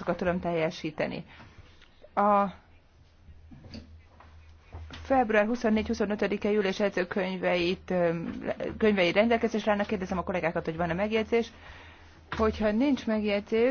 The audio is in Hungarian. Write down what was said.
ajánlásokat tudom teljesíteni. A február 24-25-e ülés edzőkönyveit, könyvei rendelkezésre állnak. Kérdezem a kollégákat, hogy van-e megjegyzés. Hogyha nincs megjegyzés,